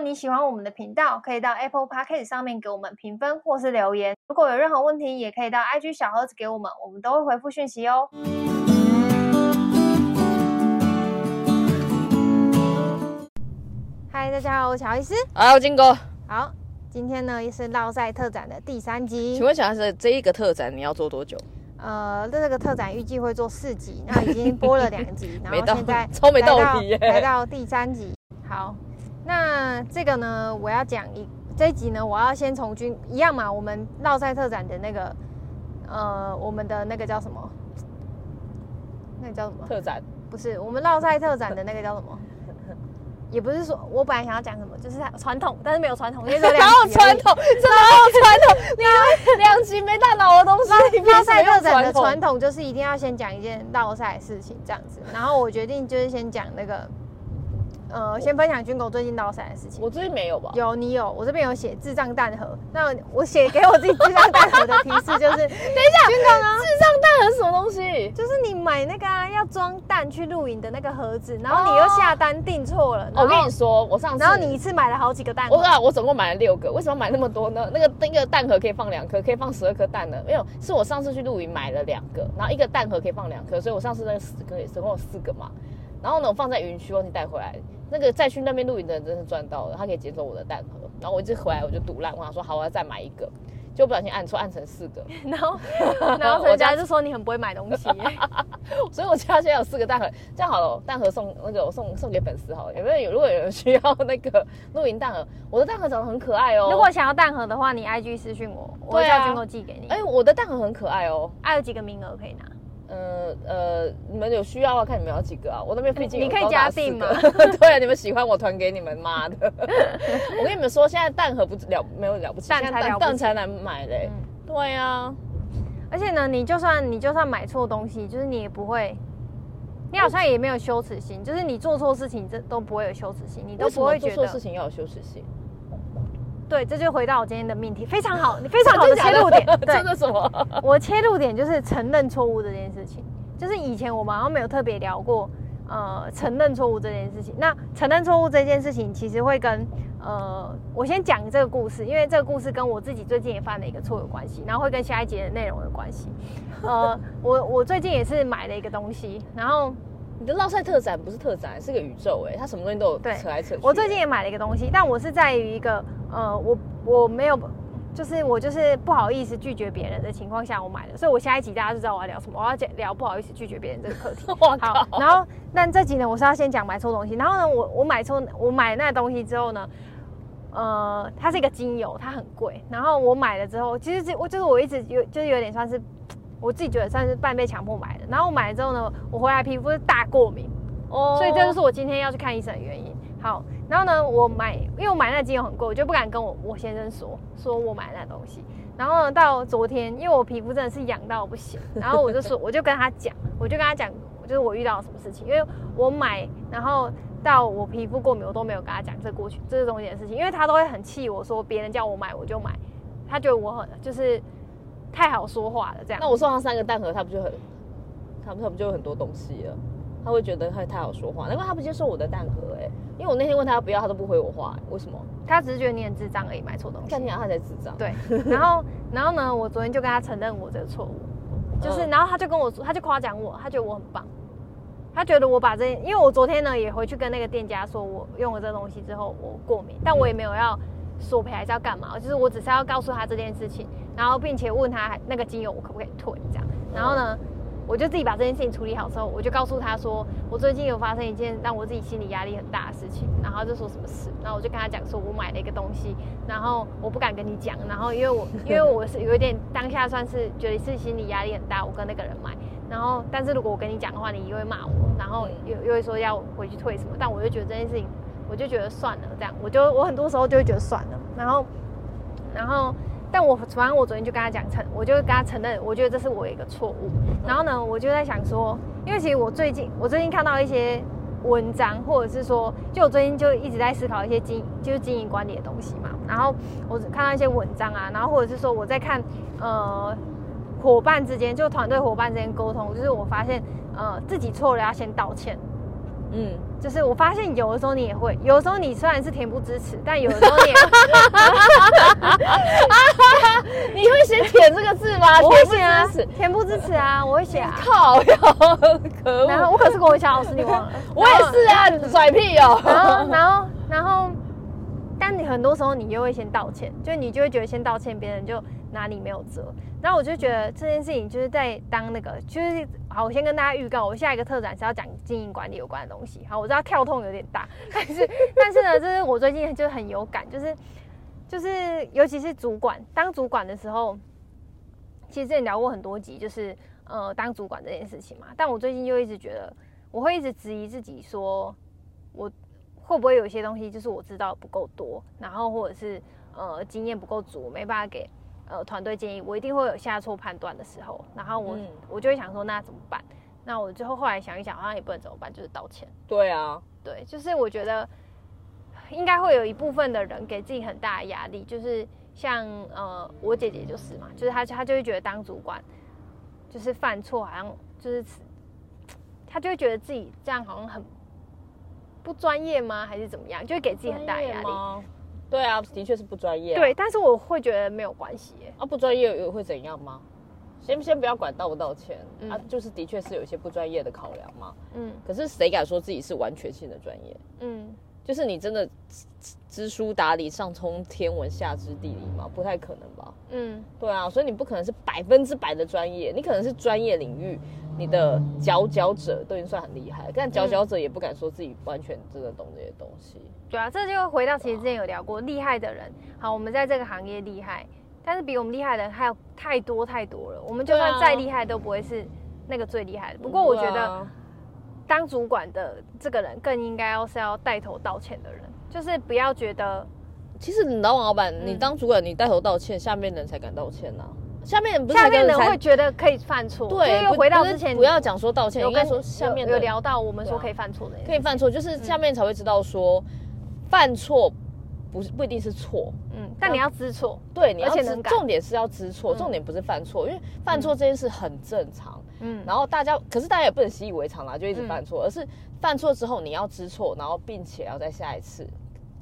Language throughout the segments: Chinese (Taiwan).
你喜歡我們的頻道，可以到 Apple Podcast 上面給我們評分或是留言。如果有任何問題，也可以到 IG 小盒子給我們，我們都會回復訊息哦。嗨，大家好，我是喬伊斯，啊，金哥。好，今天呢又是烙賽特展的第三集。請問喬伊斯，這一個特展你要做多久？呃，這個特展預計會做四集， 那已經播了兩集，然後現在來到， 超沒到底、欸、來到第三集，好。那這個呢，我要講一這一集呢，我要先從軍一樣嘛。我們烙賽特展的那個，呃，我們的那個叫什麼？那個叫什麼？特展不是我們烙賽特展的那個叫什麼？ 也不是說，我本來想要講什麼，就是傳統，但是沒有傳統，因為哪有傳 統？哪有傳統？兩兩集沒大腦的東西，你烙賽特展的傳統就是一定要先講一件烙賽的事情，這樣子。然後我決定就是先講那個。呃，我 先分享 Jingle 最近烙賽的事情。我最近沒有吧？有，你有，我這邊有寫智障蛋盒。那我寫給我自己智障蛋盒的提示就是： 等一下，Jingle 智障蛋盒是什麼東西？就是你買那個、啊、要裝蛋去露營的那個盒子，然後你又下單訂錯了。我、哦、後跟你說，我上次然後你一次買了好幾個蛋盒。我啊，我總共買了六個。為什麼買那麼多呢？那個一個蛋盒可以放兩顆，可以放十二顆蛋呢。沒有，是我上次去露營買了兩個，然後一個蛋盒可以放兩顆，所以我上次那個十顆也總共有四個嘛。然後呢，我放在雲區，我給你帶回來。那個再去那邊露營的人真是賺到了，他可以撿走我的蛋盒。然後我一直回來我就賭爛，我想說好，我要再買一個，就不小心按錯，按成四個。 然後我家就說你很不會買東西， 所以我家現在有四個蛋盒，這樣好了，蛋盒送那個送送給粉絲好了，有沒有，有如果有人需要那個露營蛋盒，我的蛋盒長得很可愛哦、喔。如果想要蛋盒的話，你 IG 私訊我，我會叫軍哥寄給你。哎、啊欸，我的蛋盒很可愛哦、喔，還、啊、有幾個名額可以拿。呃呃，你們有需要的話，看你們要幾個啊？我都沒有費勁、嗯。你可以加訂嗎？ 對啊，你們喜歡我團給你們媽的。 我跟你們說，現在蛋盒不了沒有了不起，蛋才蛋，蛋才難買嘞。對啊，而且呢，你就算你就算買錯東西，就是你也不會，你好像也沒有羞恥心，嗯、就是你做錯事情這都不會有羞恥心，你都不會覺得做錯事情要有羞恥心。對，這就回到我今天的命題，非常好，非常好的切入點。真的，對，就是什麼？我切入點就是承認錯誤這件事情，就是以前我們好像沒有特別聊過，呃，承認錯誤這件事情。那承認錯誤這件事情，其實會跟呃，我先講這個故事，因為這個故事跟我自己最近也犯了一個錯誤有關係，然後會跟下一節的內容有關係。呃，我我最近也是買了一個東西，然後。你的烙賽特展不是特展，是個宇宙哎、欸，它什麼東西都有，扯來扯去。我最近也買了一個東西，但我是在於一個呃，我我沒有，就是我就是不好意思拒絕別人的情況下我買的，所以我下一集大家就知道我要聊什麼，我要講聊不好意思拒絕別人這個課題。好，然後那這集我是要先講買錯東西，然後呢，我我買錯，我買，我買那東西之後呢，呃，它是一個精油，它很貴，然後我買了之後，其實我就是我一直有，就是有點算是。我自己覺得算是半被強迫買的，然後我買了之後呢，我回來皮膚是大過敏，哦，oh. 所以這就是我今天要去看醫生的原因。好，然後呢，我買，因為我買那精油很貴，我就不敢跟我我先生說，說我買那東西。然後呢，到昨天，因為我皮膚真的是癢到不行，然後我就說， 我就跟他講，我就跟他講，就是我遇到了什麼事情，因為我買，然後到我皮膚過敏，我都沒有跟他講這過去這是中間的事情，因為他都會很氣我說別人叫我買我就買，他覺得我很就是。太好說話了，這樣。那我送他三個蛋盒，他不就很，他他不就有很多東西了？他會覺得他太好說話，難怪他不接受我的蛋盒，哎，因為我那天問他要不要，他都不回我話。欸，為什麼？他只是覺得你很智障而已，買錯東西。看起來他才智障。對。然後，然後呢？我昨天就跟他承認我這個錯誤，就是，然後他就跟我說，他就誇獎我，他覺得我很棒，他覺得我把這件，因為我昨天呢也回去跟那個店家說，我用了這個東西之後我過敏，但我也沒有要索賠還是要幹嘛，就是我只是要告訴他這件事情。然後，並且問他那個精油我可不可以退這樣。然後呢，我就自己把這件事情處理好之後，我就告訴他說，我最近有發生一件讓我自己心理壓力很大的事情。然後就說什麼事？然後我就跟他講說，我買了一個東西，然後我不敢跟你講，然後因為我因為我是有一點當下算是覺得是心理壓力很大，我跟那個人買。然後，但是如果我跟你講的話，你又會罵我，然後又又會說要回去退什麼。但我就覺得這件事情，我就覺得算了這樣。我就我很多時候就會覺得算了。然後，然後。但我反正我昨天就跟他講承，我就跟他承認，我覺得這是我的一個錯誤。然後呢，我就在想說，因為其實我最近我最近看到一些文章，或者是說，就我最近就一直在思考一些經就是經營管理的東西嘛。然後我看到一些文章啊，然後或者是說我在看，呃，夥伴之間就團隊夥伴之間溝通，就是我發現，呃，自己錯了要先道歉。嗯，就是我發現有的時候你也會，有的時候你雖然是恬不知恥，但有的時候你，你會寫“舔”這個字嗎？我會寫啊，恬不知恥啊！我會寫啊！靠，可惡！然後我可是國文小老師，你忘了？我也是啊，然後甩屁哦、喔！然後，然後，然後，但你很多時候你就會先道歉，就你就會覺得先道歉別，別人就拿你沒轍，然後我就覺得這件事情就是在當那個，就是。好，我先跟大家預告，我下一個特展是要講經營管理有關的東西。好，我知道跳痛有點大，但是但是呢， 就是我最近就很有感，就是就是尤其是主管當主管的時候，其實也聊過很多集，就是呃當主管這件事情嘛。但我最近就一直覺得，我會一直質疑自己說，說我會不會有一些東西就是我知道的不夠多，然後或者是呃經驗不夠足，沒辦法給。呃，團隊建議我一定會有下錯判斷的時候，然後我、嗯、我就會想說那怎麼辦？那我最後後來想一想，好像也不能怎麼辦，就是道歉。對啊，對，就是我覺得應該會有一部分的人給自己很大的壓力，就是像呃我姐姐就是嘛，就是她她就會覺得當主管就是犯錯，好像就是她就會覺得自己這樣好像很不專業嗎？還是怎麼樣？就會給自己很大的壓力。對啊，的確是不專業、啊。對，但是我會覺得沒有關係。啊，不專業又會怎樣嗎？先先不要管道不道歉、嗯、啊，就是的確是有一些不專業的考量嘛。嗯，可是誰敢說自己是完全性的專業？嗯，就是你真的知書達理，上通天文，下知地理嗎？不太可能吧。嗯，對啊，所以你不可能是百分之百的專業，你可能是專業領域。你的佼佼者都已經算很厲害，但、嗯、佼佼者也不敢說自己完全真的懂這些東西。對啊，這就回到其實之前有聊過，厲哇害的人。好，我們在這個行業厲害，但是比我們厲害的人還有太多太多了。我們就算再厲害，都不會是那個最厲害的。啊、不過我覺得，當主管的這個人更應該要是要帶頭道歉的人，就是不要覺得，其實老王老闆，嗯、你當主管，你帶頭道歉，下面人才敢道歉啊。下面下面的人會覺得可以犯錯，對，回到之前不要講說道歉，應該說下面的有聊到我們說可以犯錯的，可以犯錯就是下面才會知道說犯錯不是不一定是錯，嗯，但你要知錯，對，而且重點是要知錯，重點不是犯錯，因為犯錯這件事很正常，嗯，然後大家可是大家也不能習以為常啦，就一直犯錯，而是犯錯之後你要知錯，然後並且要在下一次。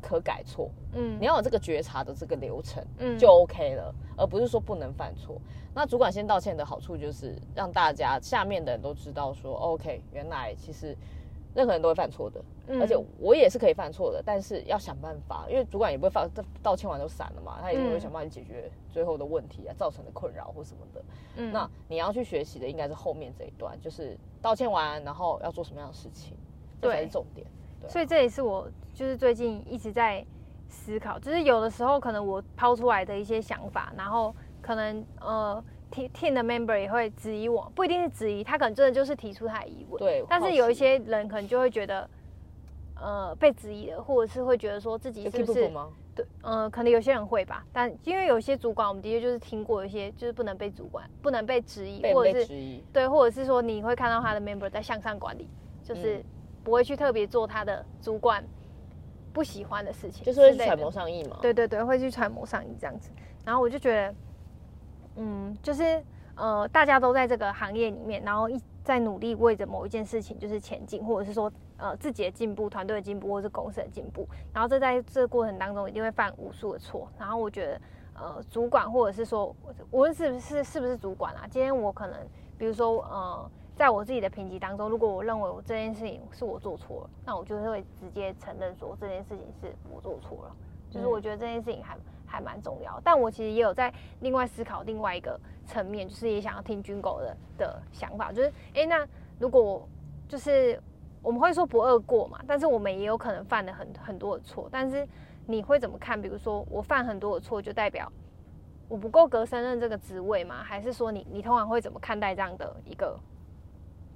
可改錯，嗯，你要有這個覺察的這個流程，嗯，就 OK 了，嗯，而不是說不能犯錯。那主管先道歉的好處就是讓大家下面的人都知道說，哦，OK，原來其實任何人都會犯錯的，嗯，而且我也是可以犯錯的，但是要想辦法，因為主管也不會犯，這道歉完就散了嘛，他也不會想辦法解決最後的問題啊，嗯，造成的困擾或什麼的。嗯，那你要去學習的應該是後面這一段，就是道歉完然後要做什麼樣的事情，這才是重點。啊、所以這也是我就是最近一直在思考，就是有的時候可能我拋出來的一些想法，然後可能呃，team team 的 member 也會質疑我，不一定是質疑，他可能真的就是提出他的疑問。對。但是有一些人可能就會覺得，呃，被質疑了，或者是會覺得說自己是不是？對，嗯、呃，可能有些人會吧，但因為有些主管，我們的確就是聽過一些，就是不能被主管不能被質疑，被或者是質疑，對，或者是說你會看到他的 member 在向上管理，就是。嗯不會去特別做他的主管不喜歡的事情，就是會去揣摩上意嘛？對對對，會去揣摩上意這樣子。然後我就覺得，嗯，就是呃，大家都在這個行業裡面，然後一在努力為着某一件事情就是前進，或者是說呃自己的進步、團隊的進步，或者是公司的進步。然後這在這個過程當中一定會犯無數的錯。然後我覺得呃，主管或者是說，無論是不是是,是不是主管啊，今天我可能比如說呃。在我自己的評級當中，如果我認為我這件事情是我做錯了,那我就是會直接承認說這件事情是我做錯了。就是我覺得這件事情還、嗯、還蠻重要，但我其實也有在另外思考另外一個層面，就是也想要聽 Jingle 的的想法，就是哎、欸，那如果就是我們會說不二過嘛，但是我們也有可能犯了很很多的錯。但是你會怎麼看？比如說我犯很多的錯，就代表我不夠格勝任這個職位嗎？還是說你你通常會怎麼看待這樣的一個？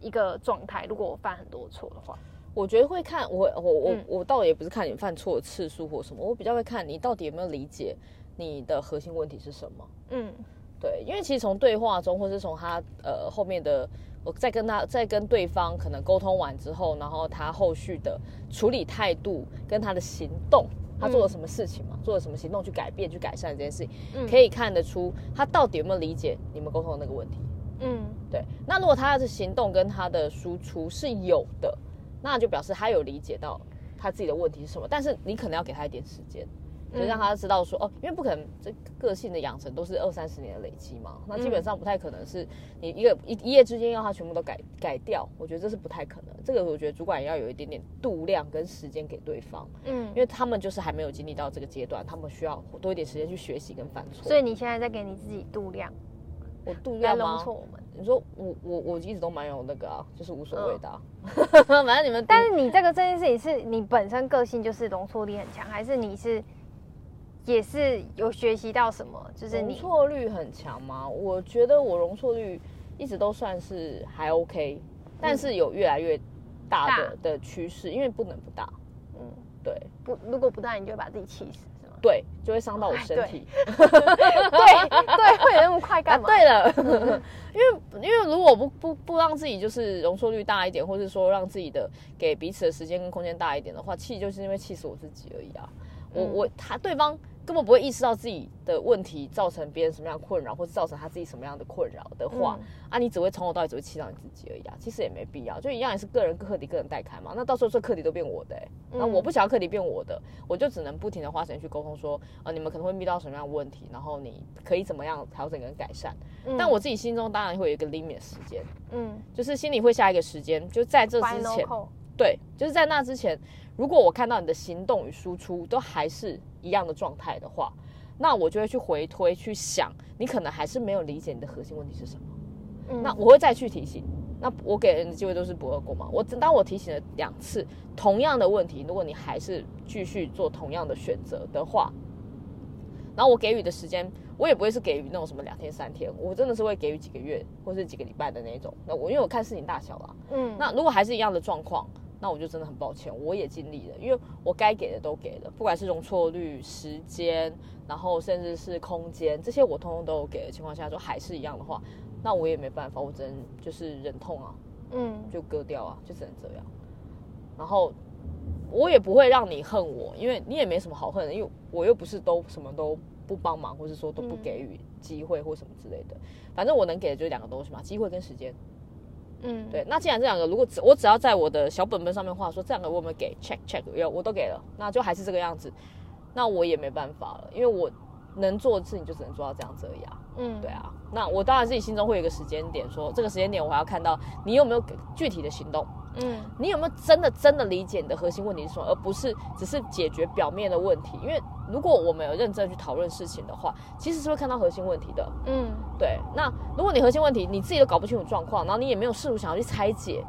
一個狀態，如果我犯很多錯的話，我覺得會看我我、嗯、我我倒也不是看你犯錯的次數或什麼，我比較會看你到底有沒有理解你的核心問題是什麼。嗯，對，因為其實從對話中，或是從他呃後面的，我在跟他在跟對方可能溝通完之後，然後他後續的處理態度跟他的行動，嗯、他做了什麼事情嘛，做了什麼行動去改變去改善這件事情，嗯、可以看得出他到底有沒有理解你們溝通的那個問題。嗯，對。那如果他要是行動跟他的輸出是有的，那，那就表示他有理解到他自己的問題是什麼。但是你可能要給他一點時間，嗯、就讓他知道說，哦，因為不可能，這個性的養成都是二三十年的累積嘛。那基本上不太可能是你一個、嗯、一一夜之間要他全部都改改掉，我覺得這是不太可能。這個我覺得主管也要有一點點度量跟時間給對方。嗯，因為他們就是還沒有經歷到這個階段，他們需要多一點時間去學習跟犯錯。所以你現在在給你自己度量？我度量嗎？容錯我們，你說，我我我一直都蠻有那個啊，就是無所謂的、啊，反正、嗯、 你們。但是你這個這件事情是你本身個性就是容錯力很強，還是你是也是有學習到什麼？就是你。容錯率很強嗎？我覺得我容錯率一直都算是還 OK，但是有越來越大的、嗯、的趨勢，因為不能不大。嗯，對，不，如果不大，你就會把自己氣死。對，就會傷到我身體。哎、對 對，對，會有那麼快幹嘛？啊、對了，嗯、因為因為如果不不不讓自己就是容錯率大一點，或是說讓自己的給彼此的時間跟空間大一點的話，氣就是因為氣死我自己而已啊。我我他對方。根本不會意識到自己的問題，造成別人什麼樣困擾，或者造成他自己什麼樣的困擾的話，嗯、啊，你只會從頭到尾只會氣到你自己而已啊。其實也沒必要，就一樣也是個人課題，個人帶開嘛。那到時候這課題都變我的那、欸嗯、我不想要課題變我的，我就只能不停的花錢去溝通說，說呃，你們可能會遇到什麼樣的問題，然後你可以怎麼樣調整跟改善。嗯、但我自己心中當然會有一個 limit 時間，嗯，就是心裡會下一個時間，就在這之前。對，就是在那之前，如果我看到你的行動與輸出都還是一樣的狀態的話，那我就會去回推去想，你可能還是沒有理解你的核心問題是什麼。嗯，那我會再去提醒。那我給人的機會都是不二過嘛。我當我提醒了兩次同樣的問題，如果你還是繼續做同樣的選擇的話，然後我給予的時間，我也不會是給予那種什麼兩天三天，我真的是會給予幾個月或是幾個禮拜的那一種。那我因為我看事情大小啦，嗯，那如果還是一樣的狀況。那我就真的很抱歉，我也盡力了，因為我該給的都給了，不管是容錯率、時間，然後甚至是空間，這些我通通都有給的情況下，就還是一樣的話，那我也沒辦法，我只能就是忍痛啊，嗯，就割掉啊，就只能這樣。然後我也不會讓你恨我，因為你也沒什麼好恨的，因為我又不是都什麼都不幫忙，或者說都不給予機會或什麼之類的。嗯，反正我能給的就是兩個東西嘛，機會跟時間。嗯，對。那既然這兩個，如果只我只要在我的小本本上面畫說這兩個我有沒有給 check check，有我都給了，那就還是這個樣子，那我也沒辦法了，因為我能做的事情就只能做到這樣子而已啊。嗯，對啊。那我當然自己心中會有一個時間點說，說這個時間點我還要看到你有沒有具體的行動。嗯，你有沒有真的真的理解你的核心問題是什麼？而不是只是解決表面的問題？因為如果我們有認真去討論事情的話，其實是會看到核心問題的。嗯，對。那如果你核心問題你自己都搞不清楚狀況，然後你也沒有試圖想要去拆解、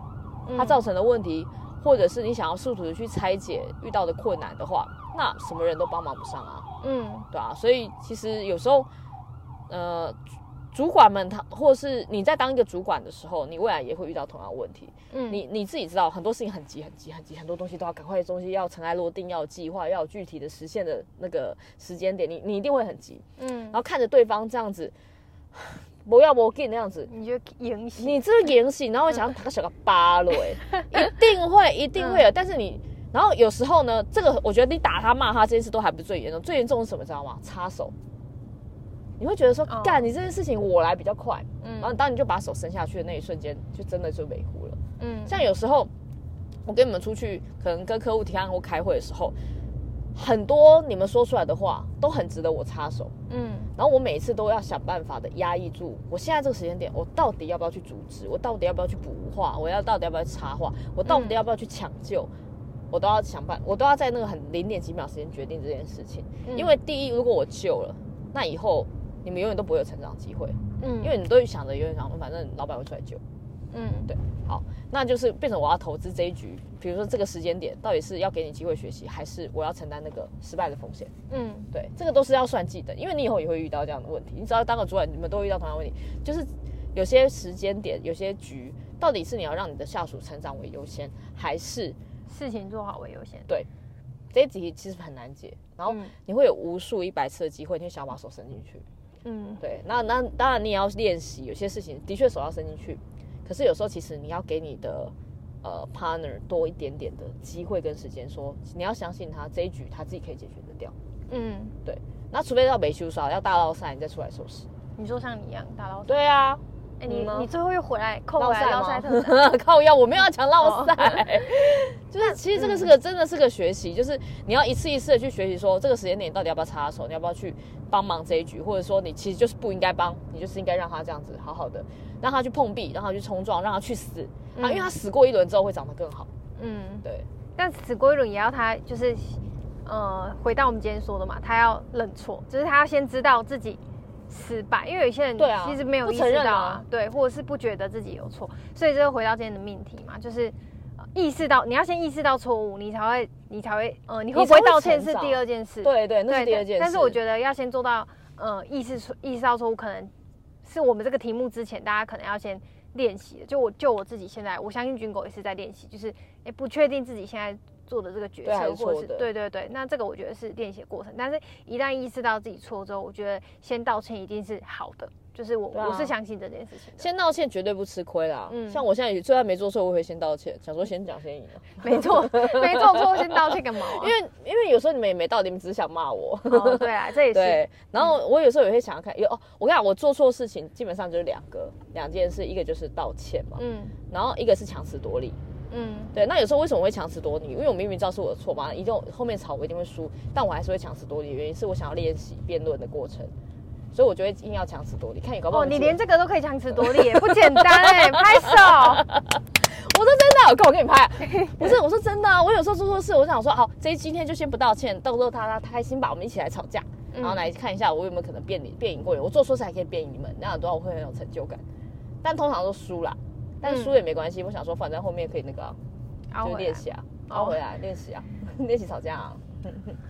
解它造成的問題，嗯、或者是你想要試圖的去拆解、解遇到的困難的話，那什麼人都幫忙不上啊。嗯，對啊。所以其實有時候，呃。主管們他，他或是你在當一個主管的時候，你未來也會遇到同樣的問題。嗯，你你自己知道，很多事情很急很急很急，很多東西都要趕快，的東西要塵埃落定，要計劃，要有具體的實現的那個時間點，你你一定會很急。嗯，然後看着對方這樣子，不要不給那樣子，你就嚴刑，你這個嚴刑，然後我想打個小個巴路，哎、嗯，一定會，一定會有。但是你，嗯、然後有時候呢，這個我覺得你打他罵他這件事都還不是最嚴重，最嚴重是什麼知道嗎？插手。你會覺得說，oh, 幹你這件事情我來比較快，嗯，然後當你就把手伸下去的那一瞬間，就真的是維護了，嗯，像有時候我跟你們出去，可能跟客戶提案或開會的時候，很多你們說出來的話都很值得我插手，嗯，然後我每一次都要想辦法的壓抑住，我現在這個時間點，我到底要不要去阻止？我到底要不要去補話？我要到底要不要去插話？我到底要不要去搶救？嗯、我都要想辦，我都要在那個很零點幾秒時間決定這件事情，嗯、因為第一，如果我救了，那以後。你們永遠都不會有成長機會，嗯，因為你都會想着永遠想，反正老闆會出來救，嗯，對，好，那就是變成我要投資這一局，比如說這個時間點，到底是要給你機會學習，還是我要承擔那個失敗的風險？嗯，對，這個都是要算計的，因為你以後也會遇到這樣的問題。你只要當個主管，你們都會遇到同樣問題，就是有些時間點，有些局，到底是你要讓你的下屬成長為優先，還是事情做好為優先？對，這一題其實很難解，然後你會有無數一百次的機會，你就要把手伸進去。嗯，對，那，那當然你也要練習，有些事情的確手要伸進去，可是有時候其實你要給你的呃 partner 多一點點的機會跟時間，說你要相信他這一局他自己可以解決得掉。嗯，對，那除非到維修燒，要大烙賽你再出來收拾。你說像你一樣大烙賽？對啊。哎，欸、你、嗯、嗎你最後又回來扣回來了嗎？ 靠腰，我沒有要講烙賽，就是其實這個是個真的是個學習，嗯、就是你要一次一次的去學習，說這個時間點到底要不要插手，你要不要去幫忙這一局，或者說你其實就是不應該幫，你就是應該讓他這樣子好好的，讓他去碰壁，讓他去衝撞，讓他去死、嗯、啊，因為他死過一輪之後會長得更好。嗯，對。但死過一輪也要他就是呃回到我們今天說的嘛，他要認錯，就是他要先知道自己。失敗，因為有些人其實沒有意識到啊，對，啊啊對，或者是不覺得自己有錯，所以這是回到今天的命題嘛，就是、呃、意識到你要先意識到錯誤，你才會你才會嗯、呃，你會不會道歉是第二件事，對對，那是第二件事，對對對。但是我覺得要先做到嗯、呃，意識出，意識到錯誤，可能是我們這個題目之前大家可能要先練習的。就我就我自己現在，我相信 Jingle 也是在練習，就是誒、欸，不確定自己現在。做的這個決策，或是對對對，那這個我覺得是練習過程。但是一旦意識到自己錯之後，我覺得先道歉一定是好的。就是我、啊、我是相信這件事情，先道歉絕對不吃虧啦。嗯，像我現在就算沒做錯，我會先道歉，想說先講先贏了。沒錯錯， 沒做錯先道歉幹嘛、啊？ 因為因為有時候你們也沒道理，你們只是想罵我、哦。對啊，這也是。對，然後我有時候也會想要看，有、嗯哦、我跟你講，我做錯事情基本上就是兩個兩件事，一個就是道歉嘛，嗯，然後一個是強詞奪理。嗯，對，那有時候為什麼會強詞奪理？因為我明明知道是我的錯嘛，一定後面吵我一定會輸，但我還是會強詞奪理，原因是我想要練習辯論的過程，所以我就會硬要強詞奪理，看你搞不好、哦，你連這個都可以強詞奪理， 不簡單哎、欸！拍手。我說真的，看我給你拍、啊。不是，我說真的、啊，我有時候做錯事，我想說好，這今天就先不道歉，到時候他他開心吧，我們一起來吵架，嗯、然後來看一下我有沒有可能辯你，辯贏過你。我做錯事還可以辯贏你們，那樣的話我會很有成就感。但通常都輸了。但是輸也沒關係，我想說，反正後面可以那個，就練習啊，拉回來練習啊，練習吵架啊。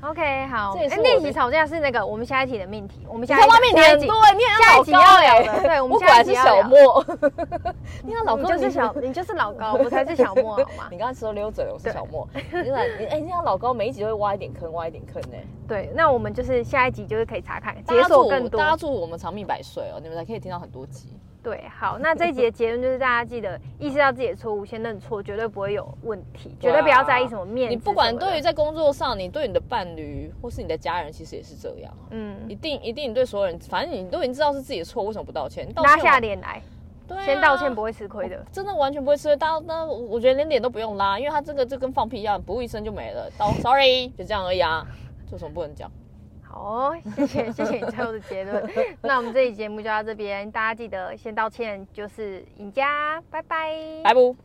OK，好，哎，練習吵架是那個我們下一集的命題，我們下一集很多，下一集要聊的，對，我們下一集要聊的，對，我們下一集要聊的，哈哈。你老公是小，你就是老高，我才是小莫，好嗎？你剛才說溜走，我是小莫，你的，哎，那老高每一集都會挖一點坑，挖一點坑，哎。對，那我們就是下一集就是可以查看，接受更多，贊助我們長命百歲哦，你們才可以聽到很多集。對，好，那這一集的結論就是大家記得意識到自己的錯誤， 先認錯，絕對不會有問題，對啊、絕對不要在意什麼面子什麼的。你不管對於在工作上，你對你的伴侶或是你的家人，其實也是這樣。嗯，一，一定一定，對所有人，反正你都已經知道是自己的錯，為什麼不道歉？你道歉拉下臉來，對啊、先道歉不會吃虧的，真的完全不會吃虧。那那，我覺得連臉都不用拉，因為他這個就跟放屁一樣，不顧一聲就沒了。道 sorry，就這樣而已啊，就什麼不能講。哦，謝謝，謝謝你最後的結論。 那我們這期節目就到這邊，大家記得先道歉，就是贏家，拜拜，拜拜。